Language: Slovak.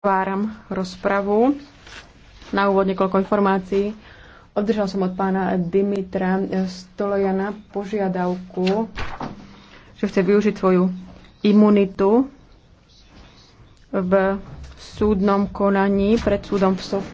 Otváram rozpravu. Na úvod niekoľko informácií. Obdržal som od pána Dimitra Stolojana požiadavku, že chce využiť svoju imunitu v súdnom konaní pred súdom v Sofii.